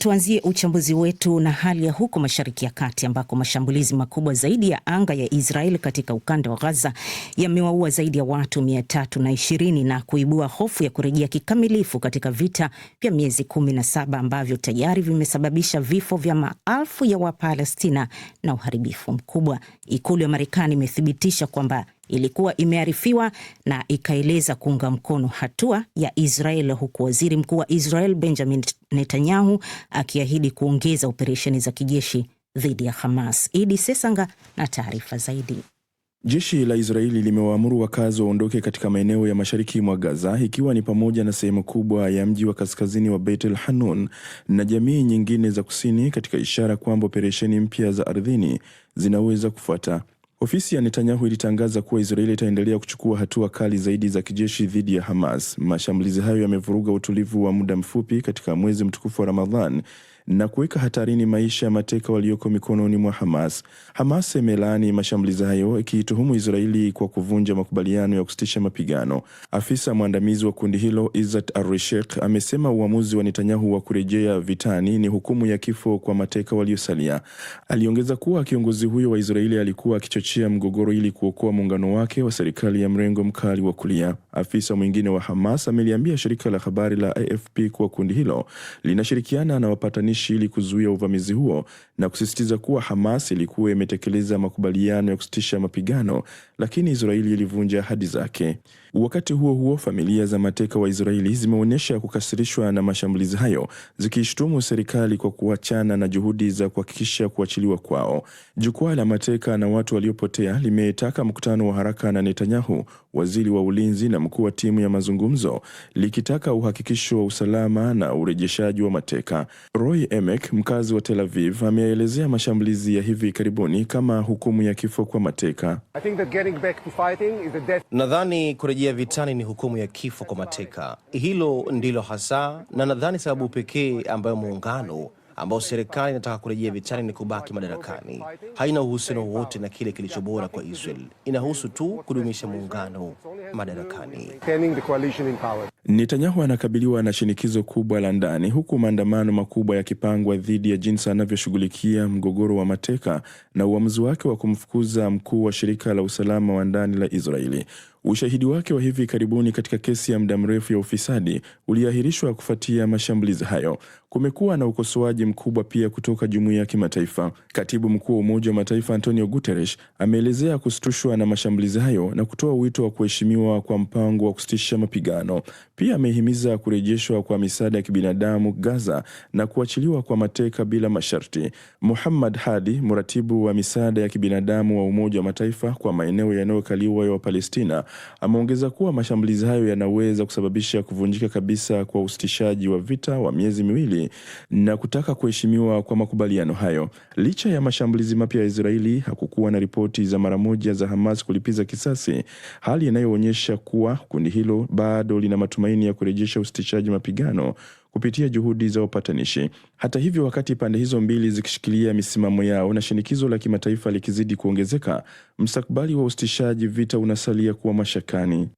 Tuanzie uchambuzi wetu na hali ya huko Mashariki ya Kati ambako mashambulizi makubwa zaidi ya anga ya Israel katika ukanda wa Gaza yamewaua zaidi ya watu tatu na na kuibua hofu ya kurejea kikamilifu katika vita vya miezi 17 ambavyo tayari vimesababisha vifo vya maelfu ya Wapalestina na uharibifu mkubwa. Ikulu ya Marekani imethibitisha kwamba ilikuwa imearifiwa na ikaeleza kuunga mkono hatua ya Israel, huku waziri mkuu wa Israel Benjamin Netanyahu akiahidi kuongeza operesheni za kijeshi dhidi ya Hamas. Idi Sesanga na taarifa zaidi. Jeshi la Israeli limewaamuru wakazi waondoke katika maeneo ya mashariki mwa Gaza ikiwa ni pamoja na sehemu kubwa ya mji wa kaskazini wa Beit el Hanun na jamii nyingine za kusini katika ishara kwamba operesheni mpya za ardhini zinaweza kufuata. Ofisi ya Netanyahu ilitangaza kuwa Israeli itaendelea kuchukua hatua kali zaidi za kijeshi dhidi ya Hamas. Mashambulizi hayo yamevuruga utulivu wa muda mfupi katika mwezi mtukufu wa Ramadhan na kuweka hatarini maisha ya mateka walioko mikononi mwa Hamas. Hamas imelaani mashambulizi hayo ikiituhumu Israeli kwa kuvunja makubaliano ya kusitisha mapigano. Afisa mwandamizi wa kundi hilo Izzat Arishek amesema uamuzi wa Netanyahu wa kurejea vitani ni hukumu ya kifo kwa mateka waliosalia. Aliongeza kuwa kiongozi huyo wa Israeli alikuwa akichochea mgogoro ili kuokoa muungano wake wa serikali ya mrengo mkali wa kulia. Afisa mwingine wa Hamas ameliambia shirika la habari la AFP kuwa kundi hilo linashirikiana na wapatanishi kijeshi ili kuzuia uvamizi huo na kusisitiza kuwa Hamas ilikuwa imetekeleza makubaliano ya kusitisha mapigano, lakini Israeli ilivunja ahadi zake. Wakati huo huo, familia za mateka wa Israeli zimeonyesha kukasirishwa na mashambulizi hayo, zikishtumu serikali kwa kuachana na juhudi za kuhakikisha kuachiliwa kwao. Jukwaa la mateka na watu waliopotea limetaka mkutano wa haraka na Netanyahu, waziri wa ulinzi na mkuu wa timu ya mazungumzo, likitaka uhakikisho wa usalama na urejeshaji wa mateka Roy Uri Emek, mkazi wa Tel Aviv, ameelezea mashambulizi ya hivi karibuni kama hukumu ya kifo kwa mateka. Nadhani kurejea vitani ni hukumu ya kifo kwa mateka, hilo ndilo hasa, na nadhani sababu pekee ambayo muungano ambao serikali inataka kurejea vitani ni kubaki madarakani. Haina uhusiano wowote na kile kilicho bora kwa Israel, inahusu tu kudumisha muungano madarakani. Netanyahu anakabiliwa na shinikizo kubwa la ndani huku maandamano makubwa yakipangwa dhidi ya jinsi anavyoshughulikia mgogoro wa mateka na uamuzi wake wa kumfukuza mkuu wa shirika la usalama wa ndani la Israeli. Ushahidi wake wa hivi karibuni katika kesi ya muda mrefu ya ufisadi uliahirishwa kufuatia mashambulizi hayo. Kumekuwa na ukosoaji mkubwa pia kutoka jumuiya ya kimataifa. Katibu mkuu wa Umoja wa Mataifa Antonio Guterres ameelezea kusitushwa na mashambulizi hayo na kutoa wito wa kuheshimiwa kwa mpango wa kusitisha mapigano. Pia amehimiza kurejeshwa kwa misaada ya kibinadamu Gaza na kuachiliwa kwa mateka bila masharti. Muhammad Hadi, mratibu wa misaada ya kibinadamu wa Umoja wa Mataifa kwa maeneo yanayokaliwa ya Wapalestina, ameongeza kuwa mashambulizi hayo yanaweza kusababisha kuvunjika kabisa kwa usitishaji wa vita wa miezi miwili na kutaka kuheshimiwa kwa makubaliano hayo. Licha ya mashambulizi mapya ya Israeli, hakukuwa na ripoti za mara moja za Hamas kulipiza kisasi, hali inayoonyesha kuwa kundi hilo bado lina matumaini matumaini ya kurejesha usitishaji mapigano kupitia juhudi za upatanishi. Hata hivyo, wakati pande hizo mbili zikishikilia misimamo yao na shinikizo la kimataifa likizidi kuongezeka, mstakbali wa usitishaji vita unasalia kuwa mashakani.